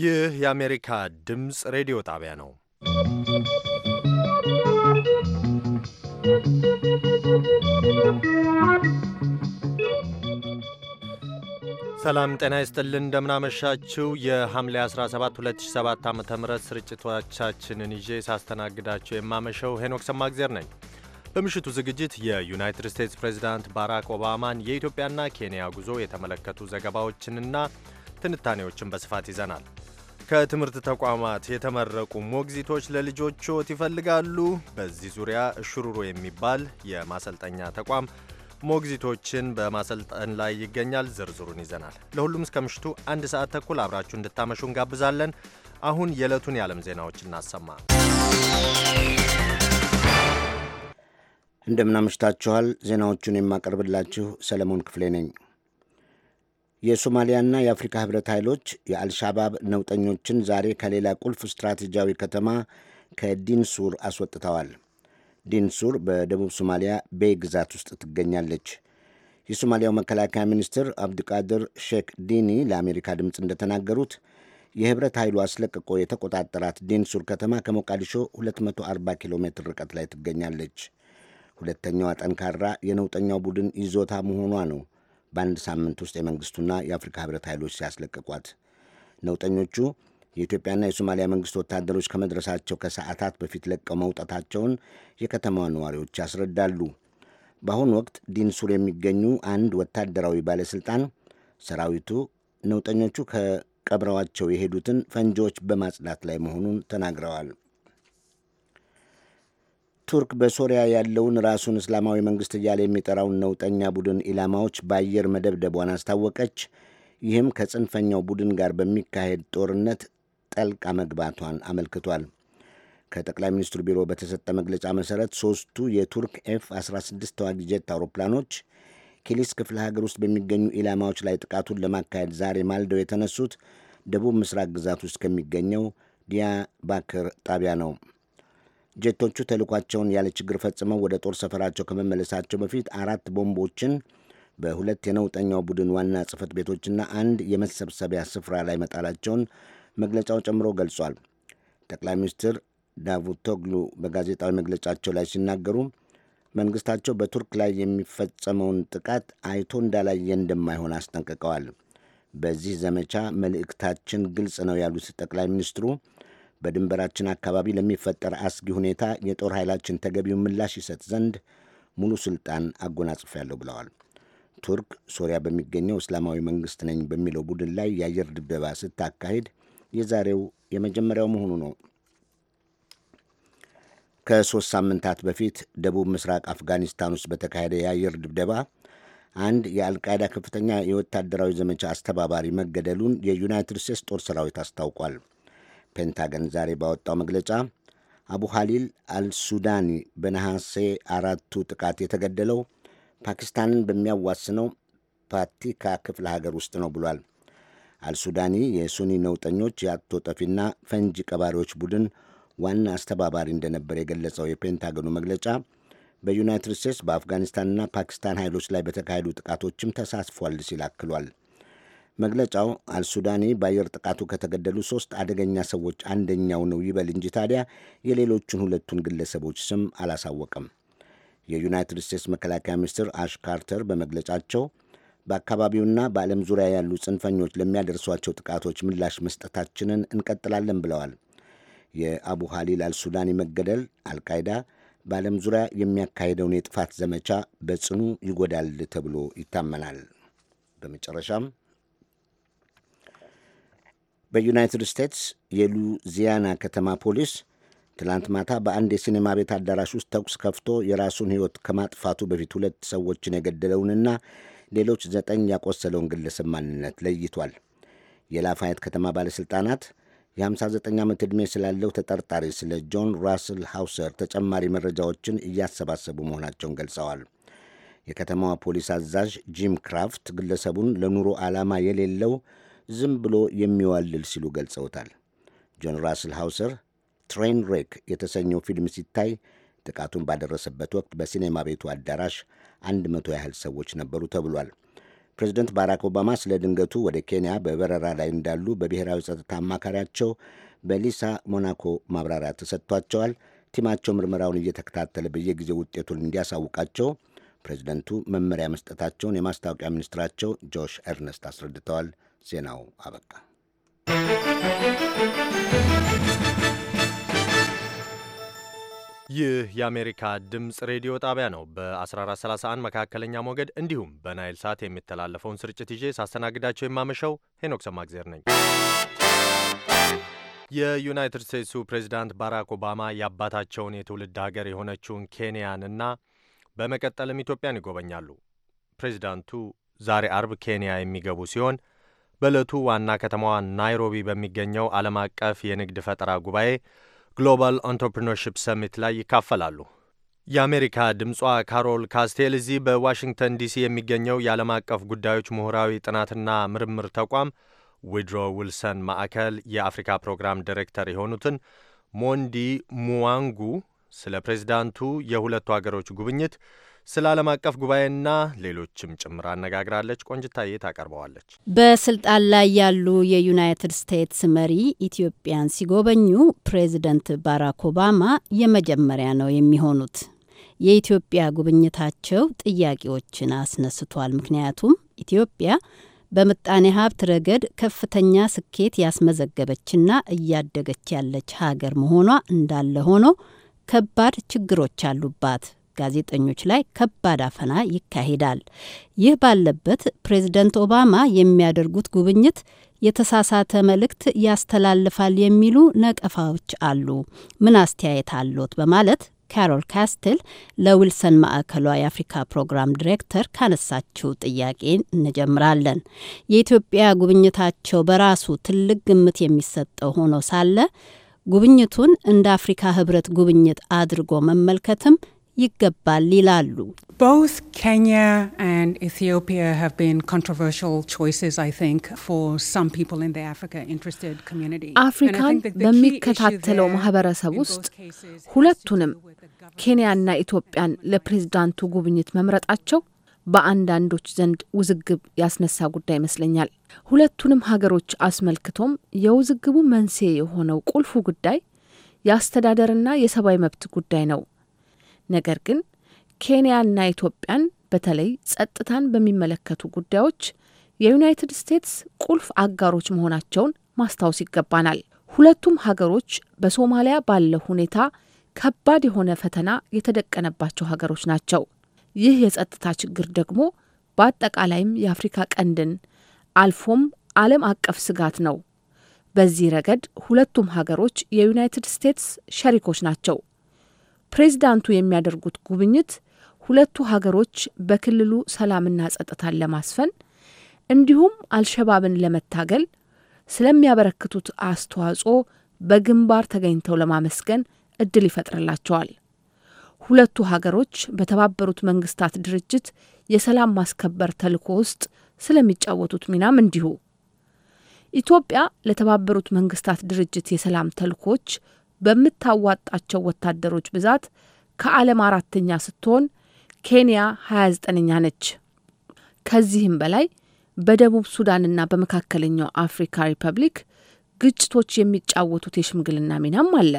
ይህ የአሜሪካ ድምፅ ሬዲዮ ጣቢያ ነው። ሰላም ጤና ይስጥልን። እንደምናመሻችው የሐምሌ 17 2007 ዓ ም ስርጭቶቻችንን ይዤ ሳስተናግዳቸው የማመሸው ሄኖክ ሰማግዜር ነኝ። በምሽቱ ዝግጅት የዩናይትድ ስቴትስ ፕሬዚዳንት ባራክ ኦባማን የኢትዮጵያና ኬንያ ጉዞ የተመለከቱ ዘገባዎችንና ትንታኔዎችን በስፋት ይዘናል። ከትምህርት ተቋማት የተመረቁ ሞግዚቶች ለልጆችዎት ይፈልጋሉ? በዚህ ዙሪያ እሽሩሮ የሚባል የማሰልጠኛ ተቋም ሞግዚቶችን በማሰልጠን ላይ ይገኛል። ዝርዝሩን ይዘናል። ለሁሉም እስከ ምሽቱ አንድ ሰዓት ተኩል አብራችሁ እንድታመሹ እንጋብዛለን። አሁን የዕለቱን የዓለም ዜናዎች እናሰማ። እንደምናመሽታችኋል። ዜናዎቹን የማቀርብላችሁ ሰለሞን ክፍሌ ነኝ። የሶማሊያና የአፍሪካ ህብረት ኃይሎች የአልሻባብ ነውጠኞችን ዛሬ ከሌላ ቁልፍ ስትራቴጂያዊ ከተማ ከዲንሱር አስወጥተዋል። ዲንሱር በደቡብ ሶማሊያ ቤይ ግዛት ውስጥ ትገኛለች። የሶማሊያው መከላከያ ሚኒስትር አብዱቃድር ሼክ ዲኒ ለአሜሪካ ድምፅ እንደተናገሩት የህብረት ኃይሉ አስለቅቆ የተቆጣጠራት ዲንሱር ከተማ ከሞቃዲሾ 240 ኪሎ ሜትር ርቀት ላይ ትገኛለች። ሁለተኛዋ ጠንካራ የነውጠኛው ቡድን ይዞታ መሆኗ ነው በአንድ ሳምንት ውስጥ የመንግስቱና የአፍሪካ ህብረት ኃይሎች ሲያስለቅቋት ነውጠኞቹ የኢትዮጵያና የሶማሊያ መንግስት ወታደሮች ከመድረሳቸው ከሰዓታት በፊት ለቀው መውጣታቸውን የከተማዋ ነዋሪዎች ያስረዳሉ። በአሁኑ ወቅት ዲንሱር የሚገኙ አንድ ወታደራዊ ባለሥልጣን ሰራዊቱ ነውጠኞቹ ከቀብረዋቸው የሄዱትን ፈንጂዎች በማጽዳት ላይ መሆኑን ተናግረዋል። ቱርክ በሶሪያ ያለውን ራሱን እስላማዊ መንግሥት እያለ የሚጠራውን ነውጠኛ ቡድን ኢላማዎች በአየር መደብደቧን አስታወቀች። ይህም ከጽንፈኛው ቡድን ጋር በሚካሄድ ጦርነት ጠልቃ መግባቷን አመልክቷል። ከጠቅላይ ሚኒስትሩ ቢሮ በተሰጠ መግለጫ መሠረት ሦስቱ የቱርክ ኤፍ 16 ተዋጊ ጀት አውሮፕላኖች ኪሊስ ክፍለ ሀገር ውስጥ በሚገኙ ኢላማዎች ላይ ጥቃቱን ለማካሄድ ዛሬ ማልደው የተነሱት ደቡብ ምስራቅ ግዛት ውስጥ ከሚገኘው ዲያ ባክር ጣቢያ ነው። ጀቶቹ ተልኳቸውን ያለ ችግር ፈጽመው ወደ ጦር ሰፈራቸው ከመመለሳቸው በፊት አራት ቦምቦችን በሁለት የነውጠኛው ቡድን ዋና ጽህፈት ቤቶችና አንድ የመሰብሰቢያ ስፍራ ላይ መጣላቸውን መግለጫው ጨምሮ ገልጿል። ጠቅላይ ሚኒስትር ዳቩቶግሉ በጋዜጣዊ መግለጫቸው ላይ ሲናገሩ መንግስታቸው በቱርክ ላይ የሚፈጸመውን ጥቃት አይቶ እንዳላየ እንደማይሆን አስጠንቅቀዋል። በዚህ ዘመቻ መልእክታችን ግልጽ ነው ያሉት ጠቅላይ ሚኒስትሩ በድንበራችን አካባቢ ለሚፈጠር አስጊ ሁኔታ የጦር ኃይላችን ተገቢውን ምላሽ ይሰጥ ዘንድ ሙሉ ስልጣን አጎናጽፌያለሁ ብለዋል። ቱርክ ሶሪያ በሚገኘው እስላማዊ መንግስት ነኝ በሚለው ቡድን ላይ የአየር ድብደባ ስታካሄድ የዛሬው የመጀመሪያው መሆኑ ነው። ከሦስት ሳምንታት በፊት ደቡብ ምስራቅ አፍጋኒስታን ውስጥ በተካሄደ የአየር ድብደባ አንድ የአልቃይዳ ከፍተኛ የወታደራዊ ዘመቻ አስተባባሪ መገደሉን የዩናይትድ ስቴትስ ጦር ሰራዊት አስታውቋል። ፔንታገን ዛሬ ባወጣው መግለጫ አቡ ሀሊል አልሱዳኒ በነሐሴ አራቱ ጥቃት የተገደለው ፓኪስታንን በሚያዋስነው ፓቲካ ክፍለ ሀገር ውስጥ ነው ብሏል። አልሱዳኒ የሱኒ ነውጠኞች የአቶ ጠፊና ፈንጂ ቀባሪዎች ቡድን ዋና አስተባባሪ እንደነበር የገለጸው የፔንታገኑ መግለጫ በዩናይትድ ስቴትስ በአፍጋኒስታንና ፓኪስታን ኃይሎች ላይ በተካሄዱ ጥቃቶችም ተሳትፏል ሲል አክሏል። መግለጫው አልሱዳኒ በአየር ጥቃቱ ከተገደሉ ሶስት አደገኛ ሰዎች አንደኛው ነው ይበል እንጂ ታዲያ የሌሎቹን ሁለቱን ግለሰቦች ስም አላሳወቅም። የዩናይትድ ስቴትስ መከላከያ ሚኒስትር አሽ ካርተር በመግለጫቸው በአካባቢውና በዓለም ዙሪያ ያሉ ጽንፈኞች ለሚያደርሷቸው ጥቃቶች ምላሽ መስጠታችንን እንቀጥላለን ብለዋል። የአቡ ሀሊል አልሱዳኒ መገደል አልቃይዳ በዓለም ዙሪያ የሚያካሄደውን የጥፋት ዘመቻ በጽኑ ይጎዳል ተብሎ ይታመናል። በመጨረሻም በዩናይትድ ስቴትስ የሉዚያና ከተማ ፖሊስ ትላንት ማታ በአንድ የሲኔማ ቤት አዳራሽ ውስጥ ተኩስ ከፍቶ የራሱን ሕይወት ከማጥፋቱ በፊት ሁለት ሰዎችን የገደለውንና ሌሎች ዘጠኝ ያቆሰለውን ግለሰብ ማንነት ለይቷል። የላፋየት ከተማ ባለሥልጣናት የ59 ዓመት ዕድሜ ስላለው ተጠርጣሪ ስለ ጆን ራስል ሃውሰር ተጨማሪ መረጃዎችን እያሰባሰቡ መሆናቸውን ገልጸዋል። የከተማዋ ፖሊስ አዛዥ ጂም ክራፍት ግለሰቡን ለኑሮ ዓላማ የሌለው ዝም ብሎ የሚዋልል ሲሉ ገልጸውታል። ጆን ራስል ሃውሰር ትሬን ሬክ የተሰኘው ፊልም ሲታይ ጥቃቱን ባደረሰበት ወቅት በሲኔማ ቤቱ አዳራሽ አንድ መቶ ያህል ሰዎች ነበሩ ተብሏል። ፕሬዚደንት ባራክ ኦባማ ስለ ድንገቱ ወደ ኬንያ በበረራ ላይ እንዳሉ በብሔራዊ ጸጥታ አማካሪያቸው በሊሳ ሞናኮ ማብራሪያ ተሰጥቷቸዋል። ቲማቸው ምርመራውን እየተከታተለ በየጊዜው ውጤቱን እንዲያሳውቃቸው ፕሬዚደንቱ መመሪያ መስጠታቸውን የማስታወቂያ ሚኒስትራቸው ጆሽ ኤርነስት አስረድተዋል። ዜናው አበቃ። ይህ የአሜሪካ ድምፅ ሬዲዮ ጣቢያ ነው። በ1431 መካከለኛ ሞገድ እንዲሁም በናይል ሳት የሚተላለፈውን ስርጭት ይዤ ሳስተናግዳቸው የማመሸው ሄኖክ ሰማግዜር ነኝ። የዩናይትድ ስቴትሱ ፕሬዚዳንት ባራክ ኦባማ የአባታቸውን የትውልድ ሀገር የሆነችውን ኬንያንና በመቀጠልም ኢትዮጵያን ይጎበኛሉ። ፕሬዚዳንቱ ዛሬ አርብ ኬንያ የሚገቡ ሲሆን በዕለቱ ዋና ከተማዋ ናይሮቢ በሚገኘው ዓለም አቀፍ የንግድ ፈጠራ ጉባኤ ግሎባል ኢንተርፕርነርሺፕ ሰሚት ላይ ይካፈላሉ። የአሜሪካ ድምጿ ካሮል ካስቴል እዚህ በዋሽንግተን ዲሲ የሚገኘው የዓለም አቀፍ ጉዳዮች ምሁራዊ ጥናትና ምርምር ተቋም ዊድሮ ዊልሰን ማዕከል የአፍሪካ ፕሮግራም ዲሬክተር የሆኑትን ሞንዲ ሙዋንጉ ስለ ፕሬዚዳንቱ የሁለቱ አገሮች ጉብኝት ስለ ዓለም አቀፍ ጉባኤና ሌሎችም ጭምር አነጋግራለች። ቆንጅታዬ ታቀርበዋለች። በስልጣን ላይ ያሉ የዩናይትድ ስቴትስ መሪ ኢትዮጵያን ሲጎበኙ ፕሬዚደንት ባራክ ኦባማ የመጀመሪያ ነው የሚሆኑት። የኢትዮጵያ ጉብኝታቸው ጥያቄዎችን አስነስቷል። ምክንያቱም ኢትዮጵያ በምጣኔ ሀብት ረገድ ከፍተኛ ስኬት ያስመዘገበችና እያደገች ያለች ሀገር መሆኗ እንዳለ ሆኖ ከባድ ችግሮች አሉባት። ጋዜጠኞች ላይ ከባድ አፈና ይካሄዳል። ይህ ባለበት ፕሬዝደንት ኦባማ የሚያደርጉት ጉብኝት የተሳሳተ መልእክት ያስተላልፋል የሚሉ ነቀፋዎች አሉ። ምን አስተያየት አሎት? በማለት ካሮል ካስትል ለዊልሰን ማዕከሏ የአፍሪካ ፕሮግራም ዲሬክተር ካነሳችው ጥያቄ እንጀምራለን። የኢትዮጵያ ጉብኝታቸው በራሱ ትልቅ ግምት የሚሰጠው ሆኖ ሳለ ጉብኝቱን እንደ አፍሪካ ሕብረት ጉብኝት አድርጎ መመልከትም ይገባል ይላሉ። Both Kenya and Ethiopia have been controversial choices, I think, for some people in the Africa interested community. አፍሪካን በሚከታተለው ማህበረሰብ ውስጥ ሁለቱንም ኬንያና ኢትዮጵያን ለፕሬዝዳንቱ ጉብኝት መምረጣቸው በአንዳንዶች ዘንድ ውዝግብ ያስነሳ ጉዳይ ይመስለኛል። ሁለቱንም ሀገሮች አስመልክቶም የውዝግቡ መንስኤ የሆነው ቁልፉ ጉዳይ የአስተዳደርና የሰብአዊ መብት ጉዳይ ነው። ነገር ግን ኬንያና ኢትዮጵያን በተለይ ጸጥታን በሚመለከቱ ጉዳዮች የዩናይትድ ስቴትስ ቁልፍ አጋሮች መሆናቸውን ማስታወስ ይገባናል። ሁለቱም ሀገሮች በሶማሊያ ባለው ሁኔታ ከባድ የሆነ ፈተና የተደቀነባቸው ሀገሮች ናቸው። ይህ የጸጥታ ችግር ደግሞ በአጠቃላይም የአፍሪካ ቀንድን አልፎም ዓለም አቀፍ ስጋት ነው። በዚህ ረገድ ሁለቱም ሀገሮች የዩናይትድ ስቴትስ ሸሪኮች ናቸው። ፕሬዚዳንቱ የሚያደርጉት ጉብኝት ሁለቱ ሀገሮች በክልሉ ሰላምና ጸጥታን ለማስፈን እንዲሁም አልሸባብን ለመታገል ስለሚያበረክቱት አስተዋጽኦ በግንባር ተገኝተው ለማመስገን እድል ይፈጥርላቸዋል። ሁለቱ ሀገሮች በተባበሩት መንግስታት ድርጅት የሰላም ማስከበር ተልኮ ውስጥ ስለሚጫወቱት ሚናም እንዲሁ። ኢትዮጵያ ለተባበሩት መንግስታት ድርጅት የሰላም ተልዕኮዎች በምታዋጣቸው ወታደሮች ብዛት ከዓለም አራተኛ ስትሆን ኬንያ 29ኛ ነች። ከዚህም በላይ በደቡብ ሱዳንና በመካከለኛው አፍሪካ ሪፐብሊክ ግጭቶች የሚጫወቱት የሽምግልና ሚናም አለ።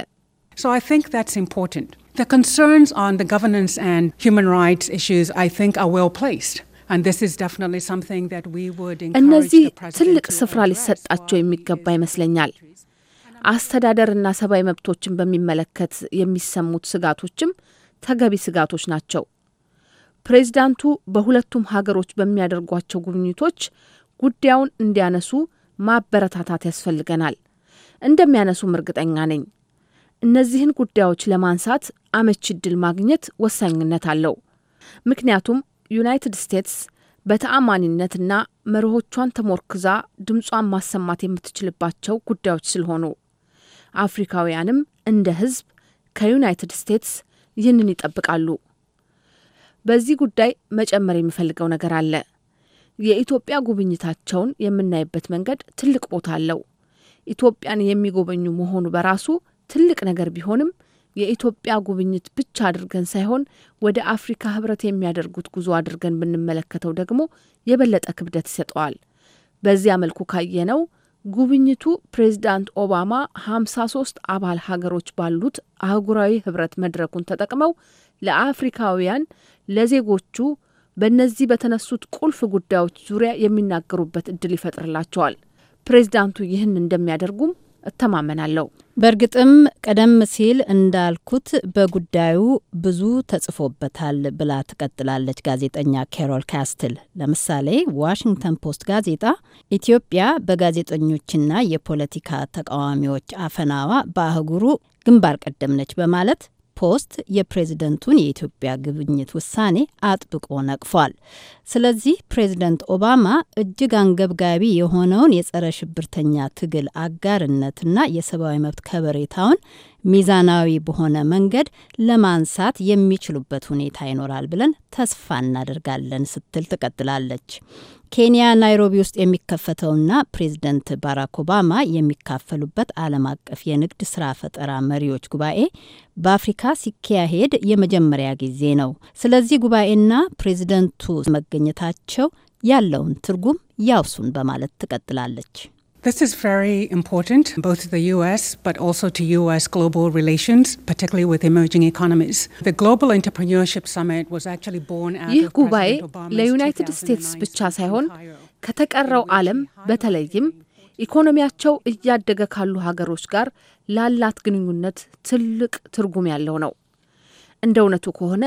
እነዚህ ትልቅ ስፍራ ሊሰጣቸው የሚገባ ይመስለኛል። አስተዳደርና ሰብአዊ መብቶችን በሚመለከት የሚሰሙት ስጋቶችም ተገቢ ስጋቶች ናቸው። ፕሬዚዳንቱ በሁለቱም ሀገሮች በሚያደርጓቸው ጉብኝቶች ጉዳዩን እንዲያነሱ ማበረታታት ያስፈልገናል። እንደሚያነሱም እርግጠኛ ነኝ። እነዚህን ጉዳዮች ለማንሳት አመቺ እድል ማግኘት ወሳኝነት አለው። ምክንያቱም ዩናይትድ ስቴትስ በተአማኒነትና መርሆቿን ተሞርክዛ ድምጿን ማሰማት የምትችልባቸው ጉዳዮች ስለሆኑ አፍሪካውያንም እንደ ህዝብ ከዩናይትድ ስቴትስ ይህንን ይጠብቃሉ። በዚህ ጉዳይ መጨመር የሚፈልገው ነገር አለ። የኢትዮጵያ ጉብኝታቸውን የምናይበት መንገድ ትልቅ ቦታ አለው። ኢትዮጵያን የሚጎበኙ መሆኑ በራሱ ትልቅ ነገር ቢሆንም የኢትዮጵያ ጉብኝት ብቻ አድርገን ሳይሆን ወደ አፍሪካ ህብረት የሚያደርጉት ጉዞ አድርገን ብንመለከተው ደግሞ የበለጠ ክብደት ይሰጠዋል። በዚያ መልኩ ካየነው ጉብኝቱ ፕሬዚዳንት ኦባማ ሀምሳ ሶስት አባል ሀገሮች ባሉት አህጉራዊ ህብረት መድረኩን ተጠቅመው ለአፍሪካውያን ለዜጎቹ በእነዚህ በተነሱት ቁልፍ ጉዳዮች ዙሪያ የሚናገሩበት እድል ይፈጥርላቸዋል። ፕሬዚዳንቱ ይህን እንደሚያደርጉም እተማመናለሁ። በእርግጥም ቀደም ሲል እንዳልኩት በጉዳዩ ብዙ ተጽፎበታል ብላ ትቀጥላለች ጋዜጠኛ ኬሮል ካስትል። ለምሳሌ ዋሽንግተን ፖስት ጋዜጣ ኢትዮጵያ በጋዜጠኞችና የፖለቲካ ተቃዋሚዎች አፈናዋ በአህጉሩ ግንባር ቀደም ነች በማለት ፖስት የፕሬዝደንቱን የኢትዮጵያ ጉብኝት ውሳኔ አጥብቆ ነቅፏል። ስለዚህ ፕሬዝደንት ኦባማ እጅግ አንገብጋቢ የሆነውን የጸረ ሽብርተኛ ትግል አጋርነትና የሰብአዊ መብት ከበሬታውን ሚዛናዊ በሆነ መንገድ ለማንሳት የሚችሉበት ሁኔታ ይኖራል ብለን ተስፋ እናደርጋለን ስትል ትቀጥላለች። ኬንያ ናይሮቢ ውስጥ የሚከፈተውና ፕሬዝደንት ባራክ ኦባማ የሚካፈሉበት ዓለም አቀፍ የንግድ ስራ ፈጠራ መሪዎች ጉባኤ በአፍሪካ ሲካሄድ የመጀመሪያ ጊዜ ነው። ስለዚህ ጉባኤና ፕሬዚደንቱ መገኘታቸው ያለውን ትርጉም ያውሱን በማለት ትቀጥላለች። This is very important, both to the U.S., but also to U.S. global relations, particularly with emerging economies. The Global Entrepreneurship Summit was actually born out ይህ ጉባኤ ለዩናይትድ ስቴትስ ብቻ ሳይሆን ከተቀረው ዓለም በተለይም ኢኮኖሚያቸው እያደገ ካሉ ሀገሮች ጋር ላላት ግንኙነት ትልቅ ትርጉም ያለው ነው። እንደ እውነቱ ከሆነ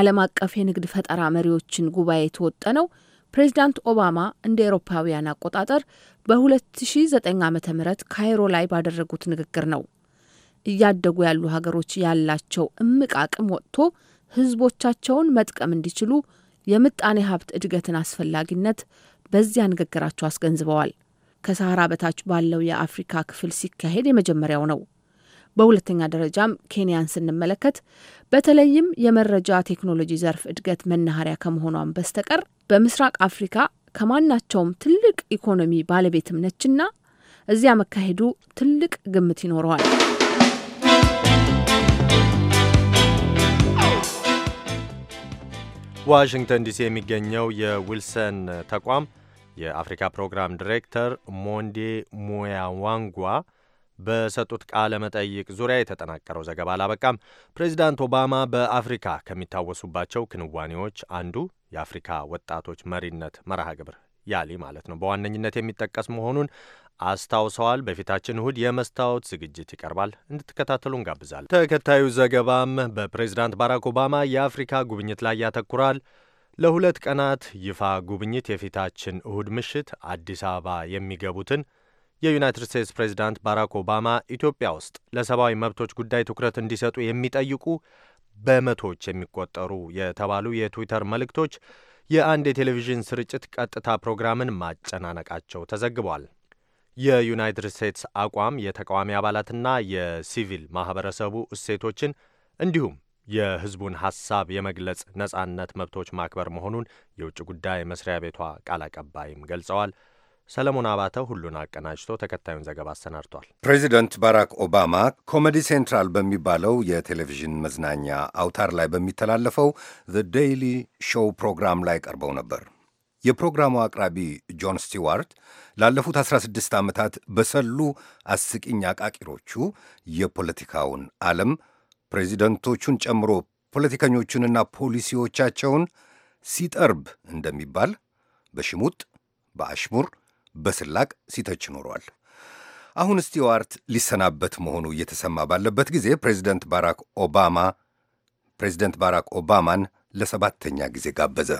ዓለም አቀፍ የንግድ ፈጠራ መሪዎችን ጉባኤ የተወጠነው ፕሬዚዳንት ኦባማ እንደ ኤሮፓውያን አቆጣጠር በ2009 ዓ ም ካይሮ ላይ ባደረጉት ንግግር ነው። እያደጉ ያሉ ሀገሮች ያላቸው እምቅ አቅም ወጥቶ ህዝቦቻቸውን መጥቀም እንዲችሉ የምጣኔ ሀብት እድገትን አስፈላጊነት በዚያ ንግግራቸው አስገንዝበዋል። ከሳህራ በታች ባለው የአፍሪካ ክፍል ሲካሄድ የመጀመሪያው ነው። በሁለተኛ ደረጃም ኬንያን ስንመለከት በተለይም የመረጃ ቴክኖሎጂ ዘርፍ እድገት መናኸሪያ ከመሆኗን በስተቀር በምስራቅ አፍሪካ ከማናቸውም ትልቅ ኢኮኖሚ ባለቤትም ነችና እዚያ መካሄዱ ትልቅ ግምት ይኖረዋል። ዋሽንግተን ዲሲ የሚገኘው የዊልሰን ተቋም የአፍሪካ ፕሮግራም ዲሬክተር ሞንዴ ሙያዋንጓ በሰጡት ቃለ መጠይቅ ዙሪያ የተጠናቀረው ዘገባ አላበቃም። ፕሬዚዳንት ኦባማ በአፍሪካ ከሚታወሱባቸው ክንዋኔዎች አንዱ የአፍሪካ ወጣቶች መሪነት መርሃ ግብር ያሊ ማለት ነው በዋነኝነት የሚጠቀስ መሆኑን አስታውሰዋል። በፊታችን እሁድ የመስታወት ዝግጅት ይቀርባል፣ እንድትከታተሉ እንጋብዛለን። ተከታዩ ዘገባም በፕሬዝዳንት ባራክ ኦባማ የአፍሪካ ጉብኝት ላይ ያተኩራል። ለሁለት ቀናት ይፋ ጉብኝት የፊታችን እሁድ ምሽት አዲስ አበባ የሚገቡትን የዩናይትድ ስቴትስ ፕሬዝዳንት ባራክ ኦባማ ኢትዮጵያ ውስጥ ለሰብአዊ መብቶች ጉዳይ ትኩረት እንዲሰጡ የሚጠይቁ በመቶዎች የሚቆጠሩ የተባሉ የትዊተር መልእክቶች የአንድ የቴሌቪዥን ስርጭት ቀጥታ ፕሮግራምን ማጨናነቃቸው ተዘግቧል። የዩናይትድ ስቴትስ አቋም የተቃዋሚ አባላትና የሲቪል ማኅበረሰቡ እሴቶችን እንዲሁም የሕዝቡን ሐሳብ የመግለጽ ነጻነት መብቶች ማክበር መሆኑን የውጭ ጉዳይ መስሪያ ቤቷ ቃል አቀባይም ገልጸዋል። ሰለሞን አባተ ሁሉን አቀናጅቶ ተከታዩን ዘገባ አሰናድቷል። ፕሬዚደንት ባራክ ኦባማ ኮሜዲ ሴንትራል በሚባለው የቴሌቪዥን መዝናኛ አውታር ላይ በሚተላለፈው ዘ ዴይሊ ሾው ፕሮግራም ላይ ቀርበው ነበር። የፕሮግራሙ አቅራቢ ጆን ስቲዋርት ላለፉት 16 ዓመታት በሰሉ አስቂኝ አቃቂሮቹ የፖለቲካውን ዓለም ፕሬዚደንቶቹን ጨምሮ ፖለቲከኞቹንና ፖሊሲዎቻቸውን ሲጠርብ እንደሚባል በሽሙጥ በአሽሙር በስላቅ ሲተች ኖሯል። አሁን ስቲዋርት ሊሰናበት መሆኑ እየተሰማ ባለበት ጊዜ ፕሬዚደንት ባራክ ኦባማ ፕሬዚደንት ባራክ ኦባማን ለሰባተኛ ጊዜ ጋበዘ።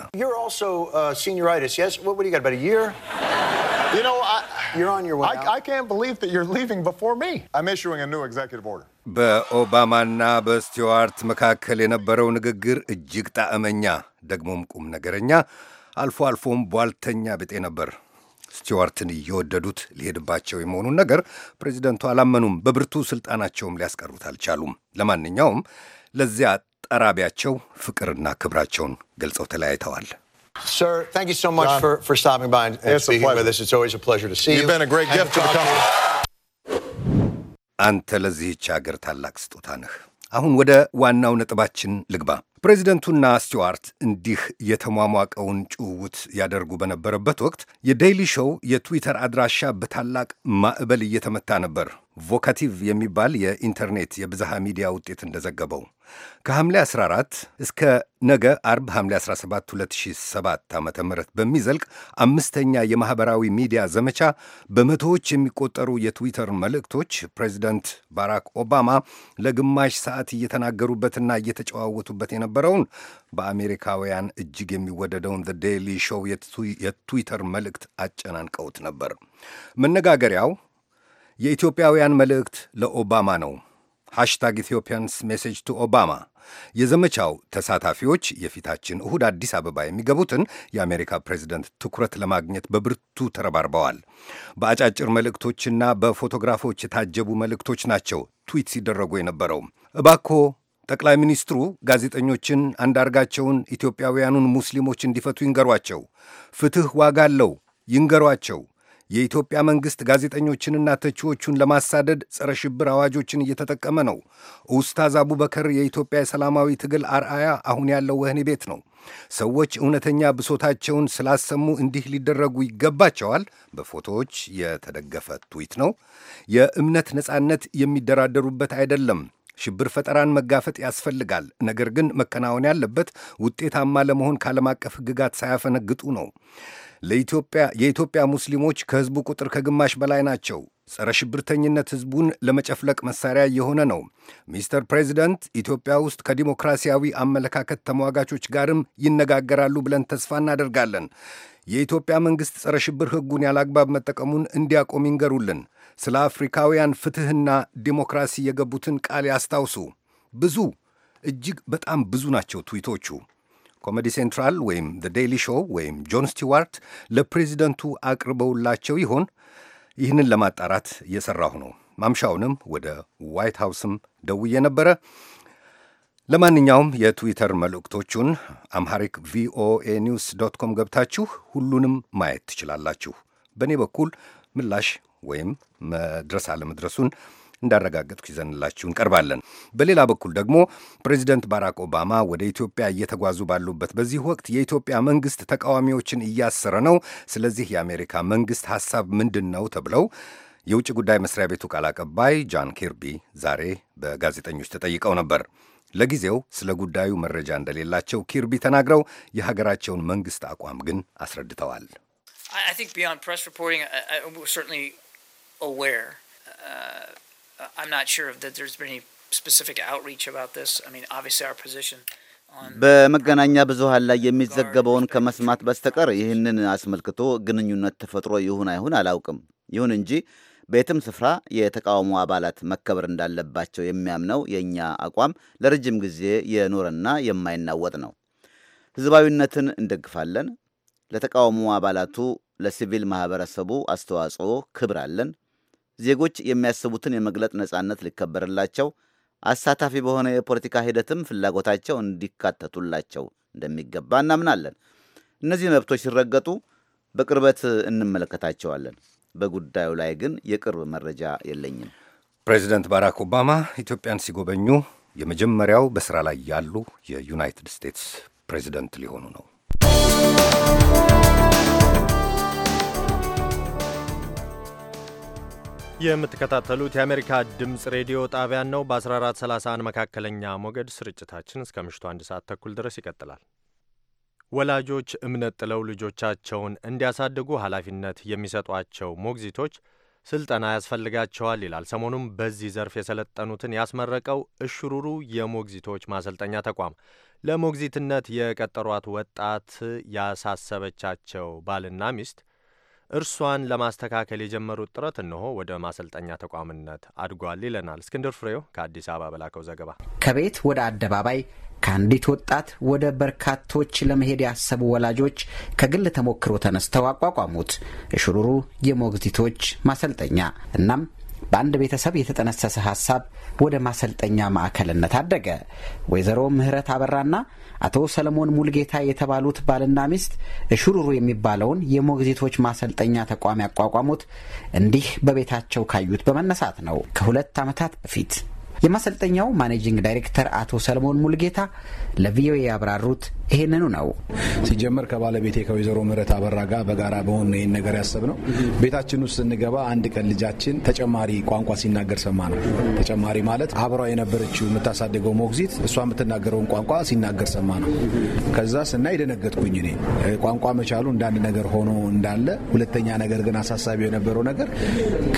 በኦባማና በስቲዋርት መካከል የነበረው ንግግር እጅግ ጣዕመኛ ደግሞም ቁም ነገረኛ አልፎ አልፎም ቧልተኛ ብጤ ነበር። ስቲዋርትን እየወደዱት ሊሄድባቸው የመሆኑን ነገር ፕሬዚደንቱ አላመኑም። በብርቱ ስልጣናቸውም ሊያስቀሩት አልቻሉም። ለማንኛውም ለዚያ ጠራቢያቸው ፍቅርና ክብራቸውን ገልጸው ተለያይተዋል። Sir, thank you so much John, for, for stopping by and, speaking with us. It's always a pleasure to see You've you. You've been a great gift to the company. አንተ ለዚህች አገር ታላቅ ስጦታ ነህ። አሁን ወደ ዋናው ነጥባችን ልግባ። ፕሬዚደንቱና ስቲዋርት እንዲህ የተሟሟቀውን ጭውውት ያደርጉ በነበረበት ወቅት የዴይሊ ሾው የትዊተር አድራሻ በታላቅ ማዕበል እየተመታ ነበር። ቮካቲቭ የሚባል የኢንተርኔት የብዝሃ ሚዲያ ውጤት እንደዘገበው ከሐምሌ 14 እስከ ነገ አርብ ሐምሌ 17 2007 ዓ ም በሚዘልቅ አምስተኛ የማኅበራዊ ሚዲያ ዘመቻ በመቶዎች የሚቆጠሩ የትዊተር መልእክቶች ፕሬዚደንት ባራክ ኦባማ ለግማሽ ሰዓት እየተናገሩበትና እየተጨዋወቱበት የነበረውን በአሜሪካውያን እጅግ የሚወደደውን ዘ ዴይሊ ሾው የትዊተር መልእክት አጨናንቀውት ነበር። መነጋገሪያው የኢትዮጵያውያን መልእክት ለኦባማ ነው። ሃሽታግ ኢትዮፒያንስ ሜሴጅ ቱ ኦባማ የዘመቻው ተሳታፊዎች የፊታችን እሁድ አዲስ አበባ የሚገቡትን የአሜሪካ ፕሬዚደንት ትኩረት ለማግኘት በብርቱ ተረባርበዋል። በአጫጭር መልእክቶችና በፎቶግራፎች የታጀቡ መልእክቶች ናቸው ትዊት ሲደረጉ የነበረው። እባኮ ጠቅላይ ሚኒስትሩ ጋዜጠኞችን፣ አንዳርጋቸውን፣ ኢትዮጵያውያኑን ሙስሊሞች እንዲፈቱ ይንገሯቸው። ፍትሕ ዋጋ አለው ይንገሯቸው። የኢትዮጵያ መንግሥት ጋዜጠኞችንና ተቺዎቹን ለማሳደድ ጸረ ሽብር አዋጆችን እየተጠቀመ ነው። ኡስታዝ አቡበከር የኢትዮጵያ የሰላማዊ ትግል አርአያ አሁን ያለው ወህኒ ቤት ነው። ሰዎች እውነተኛ ብሶታቸውን ስላሰሙ እንዲህ ሊደረጉ ይገባቸዋል። በፎቶዎች የተደገፈ ትዊት ነው። የእምነት ነጻነት የሚደራደሩበት አይደለም። ሽብር ፈጠራን መጋፈጥ ያስፈልጋል። ነገር ግን መከናወን ያለበት ውጤታማ ለመሆን ከዓለም አቀፍ ሕግጋት ሳያፈነግጡ ነው። ለኢትዮጵያ የኢትዮጵያ ሙስሊሞች ከሕዝቡ ቁጥር ከግማሽ በላይ ናቸው። ጸረ ሽብርተኝነት ሕዝቡን ለመጨፍለቅ መሳሪያ እየሆነ ነው። ሚስተር ፕሬዚደንት ኢትዮጵያ ውስጥ ከዲሞክራሲያዊ አመለካከት ተሟጋቾች ጋርም ይነጋገራሉ ብለን ተስፋ እናደርጋለን። የኢትዮጵያ መንግሥት ጸረ ሽብር ሕጉን ያላግባብ መጠቀሙን እንዲያቆም ይንገሩልን። ስለ አፍሪካውያን ፍትሕና ዲሞክራሲ የገቡትን ቃል ያስታውሱ። ብዙ እጅግ በጣም ብዙ ናቸው ትዊቶቹ። ኮሜዲ ሴንትራል ወይም ዘ ዴይሊ ሾው ወይም ጆን ስቲዋርት ለፕሬዚደንቱ አቅርበውላቸው ይሆን? ይህንን ለማጣራት እየሠራሁ ነው። ማምሻውንም ወደ ዋይት ሃውስም ደውዬ ነበረ። ለማንኛውም የትዊተር መልእክቶቹን አምሐሪክ ቪኦኤ ኒውስ ዶት ኮም ገብታችሁ ሁሉንም ማየት ትችላላችሁ። በእኔ በኩል ምላሽ ወይም መድረስ አለመድረሱን እንዳረጋገጥኩ ይዘንላችሁ እንቀርባለን። በሌላ በኩል ደግሞ ፕሬዚደንት ባራክ ኦባማ ወደ ኢትዮጵያ እየተጓዙ ባሉበት በዚህ ወቅት የኢትዮጵያ መንግስት ተቃዋሚዎችን እያሰረ ነው፣ ስለዚህ የአሜሪካ መንግስት ሐሳብ ምንድን ነው ተብለው የውጭ ጉዳይ መስሪያ ቤቱ ቃል አቀባይ ጃን ኪርቢ ዛሬ በጋዜጠኞች ተጠይቀው ነበር። ለጊዜው ስለ ጉዳዩ መረጃ እንደሌላቸው ኪርቢ ተናግረው የሀገራቸውን መንግስት አቋም ግን አስረድተዋል። I think beyond press reporting, I, I, we're certainly aware uh, I'm not sure that there's been any specific outreach about this. I mean, obviously our position በመገናኛ ብዙሃን ላይ የሚዘገበውን ከመስማት በስተቀር ይህንን አስመልክቶ ግንኙነት ተፈጥሮ ይሁን አይሁን አላውቅም። ይሁን እንጂ በየትም ስፍራ የተቃውሞ አባላት መከበር እንዳለባቸው የሚያምነው የእኛ አቋም ለረጅም ጊዜ የኖረና የማይናወጥ ነው። ህዝባዊነትን እንደግፋለን። ለተቃውሞ አባላቱ፣ ለሲቪል ማህበረሰቡ አስተዋጽኦ ክብር አለን። ዜጎች የሚያስቡትን የመግለጥ ነጻነት ሊከበርላቸው፣ አሳታፊ በሆነ የፖለቲካ ሂደትም ፍላጎታቸው እንዲካተቱላቸው እንደሚገባ እናምናለን። እነዚህ መብቶች ሲረገጡ በቅርበት እንመለከታቸዋለን። በጉዳዩ ላይ ግን የቅርብ መረጃ የለኝም። ፕሬዚደንት ባራክ ኦባማ ኢትዮጵያን ሲጎበኙ የመጀመሪያው በስራ ላይ ያሉ የዩናይትድ ስቴትስ ፕሬዚደንት ሊሆኑ ነው። የምትከታተሉት የአሜሪካ ድምፅ ሬዲዮ ጣቢያን ነው። በ1431 መካከለኛ ሞገድ ስርጭታችን እስከ ምሽቱ አንድ ሰዓት ተኩል ድረስ ይቀጥላል። ወላጆች እምነት ጥለው ልጆቻቸውን እንዲያሳድጉ ኃላፊነት የሚሰጧቸው ሞግዚቶች ስልጠና ያስፈልጋቸዋል ይላል ሰሞኑም በዚህ ዘርፍ የሰለጠኑትን ያስመረቀው እሽሩሩ የሞግዚቶች ማሰልጠኛ ተቋም። ለሞግዚትነት የቀጠሯት ወጣት ያሳሰበቻቸው ባልና ሚስት እርሷን ለማስተካከል የጀመሩት ጥረት እነሆ ወደ ማሰልጠኛ ተቋምነት አድጓል ይለናል እስክንድር ፍሬው ከአዲስ አበባ በላከው ዘገባ። ከቤት ወደ አደባባይ ከአንዲት ወጣት ወደ በርካቶች ለመሄድ ያሰቡ ወላጆች ከግል ተሞክሮ ተነስተው አቋቋሙት እሽሩሩ የሞግዚቶች ማሰልጠኛ። እናም በአንድ ቤተሰብ የተጠነሰሰ ሀሳብ ወደ ማሰልጠኛ ማዕከልነት አደገ። ወይዘሮ ምህረት አበራና አቶ ሰለሞን ሙልጌታ የተባሉት ባልና ሚስት እሹሩሩ የሚባለውን የሞግዚቶች ማሰልጠኛ ተቋም ያቋቋሙት እንዲህ በቤታቸው ካዩት በመነሳት ነው ከሁለት ዓመታት በፊት። የማሰልጠኛው ማኔጂንግ ዳይሬክተር አቶ ሰለሞን ሙልጌታ ለቪኦኤ ያብራሩት ይሄንኑ ነው። ሲጀመር ከባለቤቴ ከወይዘሮ ምህረት አበራ ጋር በጋራ በሆን ይህን ነገር ያሰብ ነው። ቤታችን ውስጥ ስንገባ አንድ ቀን ልጃችን ተጨማሪ ቋንቋ ሲናገር ሰማ ነው። ተጨማሪ ማለት አብሯ የነበረችው የምታሳድገው ሞግዚት እሷ የምትናገረውን ቋንቋ ሲናገር ሰማ ነው። ከዛ ስናይ ደነገጥኩኝ። እኔ ቋንቋ መቻሉ እንዳንድ ነገር ሆኖ እንዳለ፣ ሁለተኛ ነገር ግን አሳሳቢ የነበረው ነገር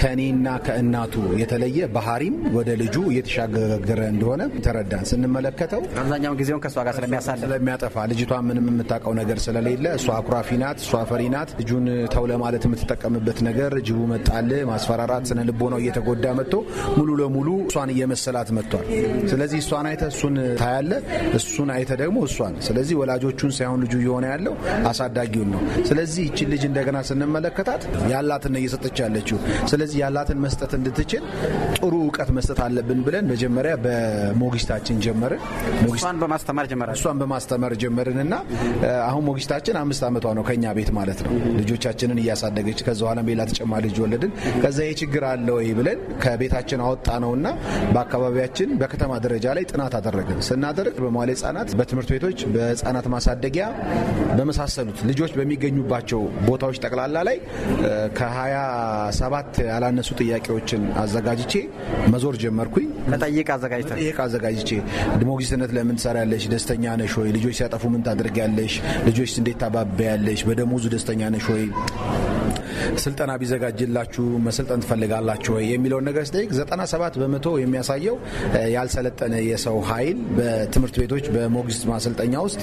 ከእኔና ከእናቱ የተለየ ባህሪም ወደ ልጁ እየተሻገረ እንደሆነ ተረዳን። ስንመለከተው አብዛኛውን ጊዜውን ከእሷ ጋር ስለሚያሳልፍ ስለሚያጠፋ ልጅቷ ምንም የምታውቀው ነገር ስለሌለ እሷ አኩራፊ ናት፣ እሷ ፈሪ ናት። ልጁን ተው ለማለት የምትጠቀምበት ነገር ጅቡ መጣል፣ ማስፈራራት፣ ስነ ልቦናው እየተጎዳ መጥቶ ሙሉ ለሙሉ እሷን እየመሰላት መጥቷል። ስለዚህ እሷን አይተ እሱን ታያለ፣ እሱን አይተ ደግሞ እሷን። ስለዚህ ወላጆቹን ሳይሆን ልጁ እየሆነ ያለው አሳዳጊውን ነው። ስለዚህ ይችን ልጅ እንደገና ስንመለከታት ያላትን ነው እየሰጠች ያለችው። ስለዚህ ያላትን መስጠት እንድትችል ጥሩ እውቀት መስጠት አለብን ብለን መጀመሪያ በሞጊስታችን ጀመርን። እሷን በማስተማር ጀመራል። እሷን በማስተማር ጀመ ጀመርንና አሁን ሞግዚታችን አምስት ዓመቷ ነው ከኛ ቤት ማለት ነው። ልጆቻችንን እያሳደገች ከዛ ኋላ ሌላ ተጨማሪ ልጅ ወለድን። ከዛ ይህ ችግር አለ ወይ ብለን ከቤታችን አወጣ ነውና በአካባቢያችን በከተማ ደረጃ ላይ ጥናት አደረግን። ስናደርግ በመዋለ ህጻናት፣ በትምህርት ቤቶች፣ በህጻናት ማሳደጊያ በመሳሰሉት ልጆች በሚገኙባቸው ቦታዎች ጠቅላላ ላይ ከ27 ያላነሱ ጥያቄዎችን አዘጋጅቼ መዞር ጀመርኩኝ። መጠይቅ አዘጋጅቼ ሞግዚትነት ለምን ያለች ደስተኛ ነሽ ወይ? ልጆች ሲያጠፉ ሲጠፉ ምን ታደርጊያለሽ? ልጆች እንዴት ታባቢያለሽ? በደሞዙ ደስተኛ ነሽ ወይ? ስልጠና ቢዘጋጅላችሁ መሰልጠን ትፈልጋላችሁ ወይ የሚለውን ነገር ስጠይቅ 97 በመቶ የሚያሳየው ያልሰለጠነ የሰው ኃይል በትምህርት ቤቶች በሞግዚት ማሰልጠኛ ውስጥ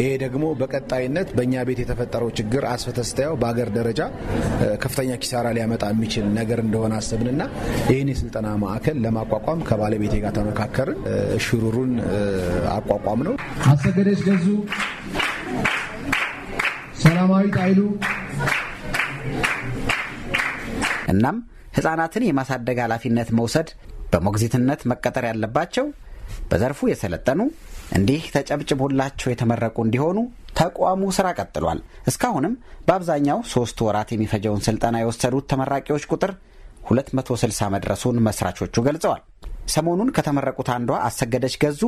ይሄ ደግሞ በቀጣይነት በእኛ ቤት የተፈጠረው ችግር አስፈተስተያው በአገር ደረጃ ከፍተኛ ኪሳራ ሊያመጣ የሚችል ነገር እንደሆነ አስብንና ይህን የስልጠና ማዕከል ለማቋቋም ከባለቤቴ ጋር ተመካከርን። ሽሩሩን አቋቋም ነው። አሰገደች ገዙ፣ ሰላማዊት አይሉ እናም ህጻናትን የማሳደግ ኃላፊነት መውሰድ በሞግዚትነት መቀጠር ያለባቸው በዘርፉ የሰለጠኑ እንዲህ ተጨብጭቦላቸው የተመረቁ እንዲሆኑ ተቋሙ ስራ ቀጥሏል። እስካሁንም በአብዛኛው ሶስት ወራት የሚፈጀውን ስልጠና የወሰዱት ተመራቂዎች ቁጥር 260 መድረሱን መስራቾቹ ገልጸዋል። ሰሞኑን ከተመረቁት አንዷ አሰገደች ገዙ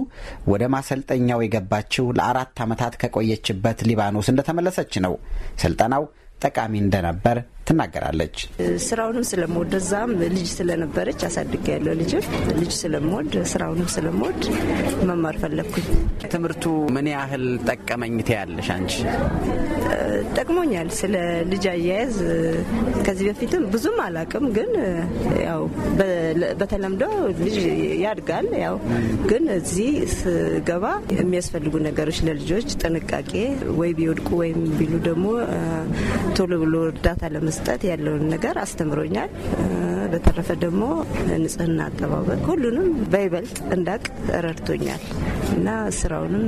ወደ ማሰልጠኛው የገባችው ለአራት ዓመታት ከቆየችበት ሊባኖስ እንደተመለሰች ነው። ስልጠናው ጠቃሚ እንደነበር ትናገራለች። ስራውንም ስለምወድ እዛም ልጅ ስለነበረች አሳድግ ያለው ልጅ ልጅ ስለምወድ ስራውንም ስለምወድ መማር ፈለግኩኝ። ትምህርቱ ምን ያህል ጠቀመኝ ትያለሽ አንቺ? ጠቅሞኛል። ስለ ልጅ አያያዝ ከዚህ በፊትም ብዙም አላቅም፣ ግን ያው በተለምዶ ልጅ ያድጋል። ያው ግን እዚህ ስገባ የሚያስፈልጉ ነገሮች ለልጆች ጥንቃቄ፣ ወይ ቢወድቁ ወይም ቢሉ ደግሞ ቶሎ ብሎ እርዳታ ለመስ መስጠት ያለውን ነገር አስተምሮኛል። በተረፈ ደግሞ ንጽህና አጠባበቅ ሁሉንም በይበልጥ እንዳቅ ረድቶኛል እና ስራውንም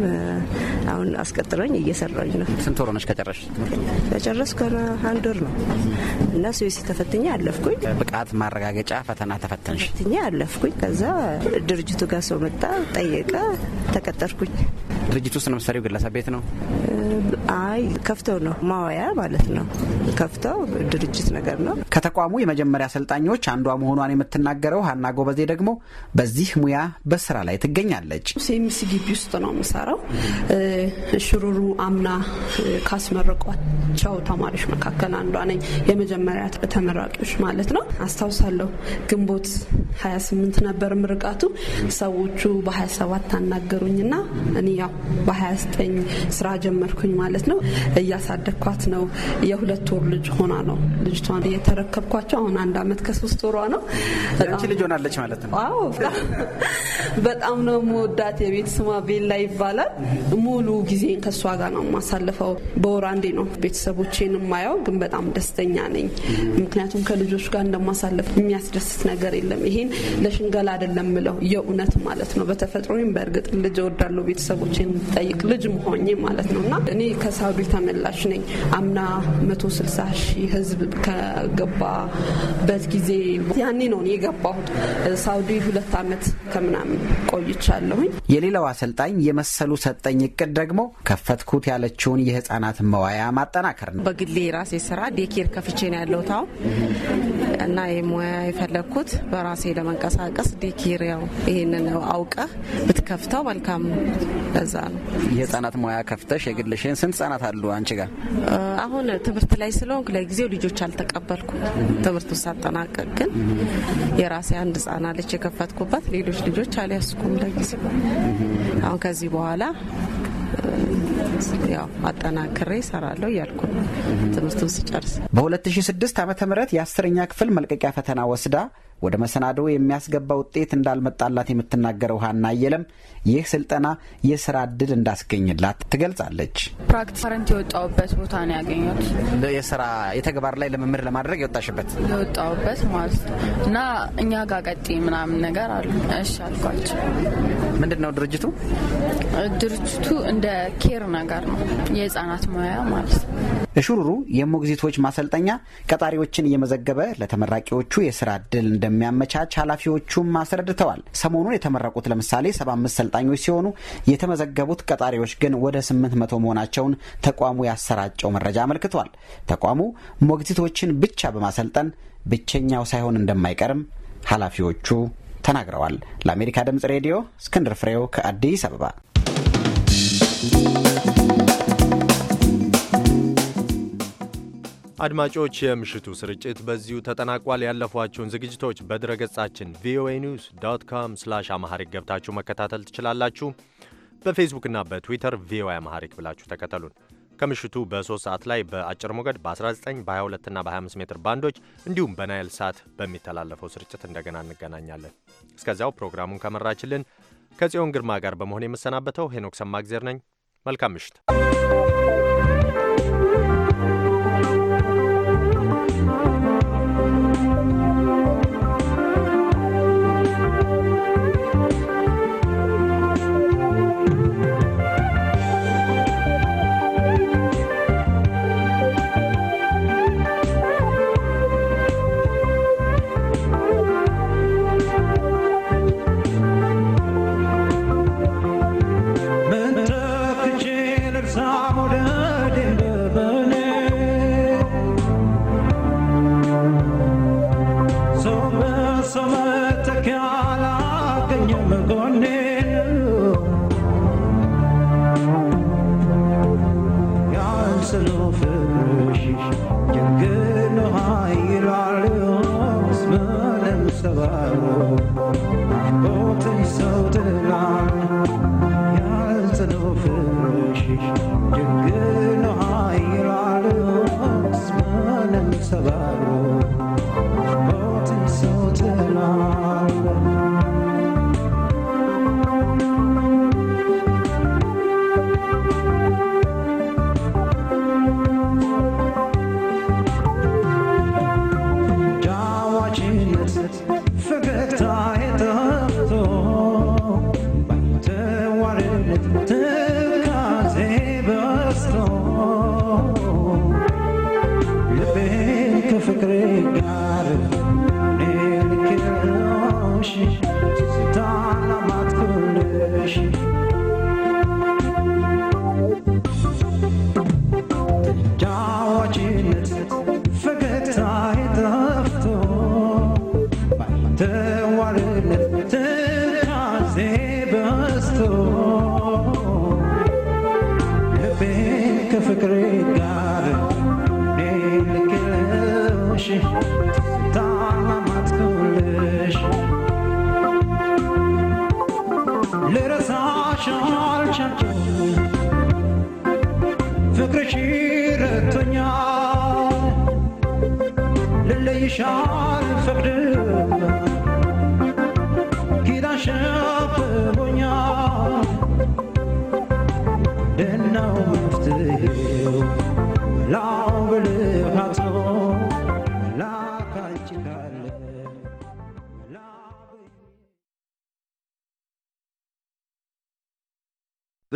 አሁን አስቀጥሎኝ እየሰራኝ ነው። ስንት ወር ከጨረሽ? ከጨረስ አንድ ወር ነው እና ስዊስ ተፈትኜ አለፍኩኝ። ብቃት ማረጋገጫ ፈተና ተፈተንሽ? ተፈትኜ አለፍኩኝ። ከዛ ድርጅቱ ጋር ሰው መጣ ጠየቀ፣ ተቀጠርኩኝ። ድርጅቱ ውስጥ ነው የምትሰሪው? ግለሰብ ቤት ነው? አይ ከፍተው ነው ማዋያ ማለት ነው ከፍተው ድርጅት ነገር ነው። ከተቋሙ የመጀመሪያ አሰልጣኞች አንዷ መሆኗን የምትናገረው ሀና ጎበዜ ደግሞ በዚህ ሙያ በስራ ላይ ትገኛለች። ሴሚስ ግቢ ውስጥ ነው የምሰራው። ሽሩሩ አምና ካስመረቋቸው ተማሪዎች መካከል አንዷ ነኝ። የመጀመሪያ ተመራቂዎች ማለት ነው። አስታውሳለሁ ግንቦት 28 ነበር ምርቃቱ። ሰዎቹ በ27 አናገሩኝና እኔ ያው በ29 ስራ ጀመርኩኝ ማለት ነው። እያሳደግኳት ነው። የሁለት ወር ልጅ ሆና ነው ልጅቷን የተረከብኳቸው አሁን አንድ አመት ከሶስት ወሯ ነው። ያቺ ልጅ ሆናለች ማለት ነው። አዎ በጣም ነው የምወዳት። የቤት ስሟ ቤላ ይባላል። ሙሉ ጊዜን ከእሷ ጋር ነው የማሳልፈው። በወር አንዴ ነው ቤተሰቦቼን የማየው፣ ግን በጣም ደስተኛ ነኝ። ምክንያቱም ከልጆች ጋር እንደማሳልፍ የሚያስደስት ነገር የለም። ይሄን ለሽንገላ አይደለም ምለው የእውነት ማለት ነው። በተፈጥሮም በእርግጥ ልጅ እወዳለሁ። ቤተሰቦቼን ጠይቅ ልጅ መሆኜ ማለት ነው እና እኔ ከሳውዲ ተመላሽ ነኝ። አምና መቶ ስልሳ ሺህ ህዝብ ህዝብ ከገባበት ጊዜ ያኔ ነው የገባሁት። ሳውዲ ሁለት ዓመት ከምናምን ቆይቻለሁኝ። የሌላው አሰልጣኝ የመሰሉ ሰጠኝ እቅድ ደግሞ ከፈትኩት ያለችውን የህጻናት መዋያ ማጠናከር ነው። በግሌ ራሴ ስራ ዴኬር ከፍቼ ነው ያለሁት አሁን እና ሙያ የፈለግኩት በራሴ ለመንቀሳቀስ ዲኪሪያው ይህንን አውቀ ብትከፍተው መልካም ነው። ለዛ ነው የህጻናት ሙያ ከፍተሽ የግልሽን። ስንት ህጻናት አሉ አንቺ ጋር? አሁን ትምህርት ላይ ስለሆንኩ ለጊዜው ልጆች አልተቀበልኩም። ትምህርቱ አጠናቀቅ ግን የራሴ አንድ ህጻና ልጅ የከፈትኩበት ሌሎች ልጆች አልያዝኩም ለጊዜው። አሁን ከዚህ በኋላ ያው አጠናክሬ ይሰራለሁ እያልኩ ትምህርቱን ስጨርስ በ2006 ዓ ም የአስረኛ ክፍል መልቀቂያ ፈተና ወስዳ ወደ መሰናዶ የሚያስገባ ውጤት እንዳልመጣላት የምትናገረው ሀና አየለም ይህ ስልጠና የስራ እድል እንዳስገኝላት ትገልጻለች። ፕራክቲስ ረንት የወጣውበት ቦታ ነው ያገኘት የስራ የተግባር ላይ ልምምድ ለማድረግ የወጣሽበት የወጣውበት ማለት ነው እና እኛ ጋር ቀጤ ምናምን ነገር አሉ። እሺ አልኳቸው። ምንድን ነው ድርጅቱ? ድርጅቱ እንደ ኬር ነገር ነው የህጻናት ሙያ ማለት ነው። እሹሩሩ የሞግዚቶች ማሰልጠኛ ቀጣሪዎችን እየመዘገበ ለተመራቂዎቹ የስራ እድል እንደ እንደሚያመቻች ኃላፊዎቹም አስረድተዋል። ሰሞኑን የተመረቁት ለምሳሌ 75 ሰልጣኞች ሲሆኑ የተመዘገቡት ቀጣሪዎች ግን ወደ 800 መሆናቸውን ተቋሙ ያሰራጨው መረጃ አመልክቷል። ተቋሙ ሞግዚቶችን ብቻ በማሰልጠን ብቸኛው ሳይሆን እንደማይቀርም ኃላፊዎቹ ተናግረዋል። ለአሜሪካ ድምፅ ሬዲዮ እስክንድር ፍሬው ከአዲስ አበባ አድማጮች የምሽቱ ስርጭት በዚሁ ተጠናቋል። ያለፏችሁን ዝግጅቶች በድረገጻችን ቪኦኤ ኒውስ ዶት ካም ስላሽ አማሐሪክ ገብታችሁ መከታተል ትችላላችሁ። በፌስቡክና በትዊተር ቪኦኤ አማሐሪክ ብላችሁ ተከተሉን። ከምሽቱ በሶስት ሰዓት ላይ በአጭር ሞገድ በ19 በ22ና በ25 ሜትር ባንዶች እንዲሁም በናይል ሳት በሚተላለፈው ስርጭት እንደገና እንገናኛለን። እስከዚያው ፕሮግራሙን ከመራችልን ከጽዮን ግርማ ጋር በመሆን የምሰናበተው ሄኖክ ሰማግዜር ነኝ። መልካም ምሽት።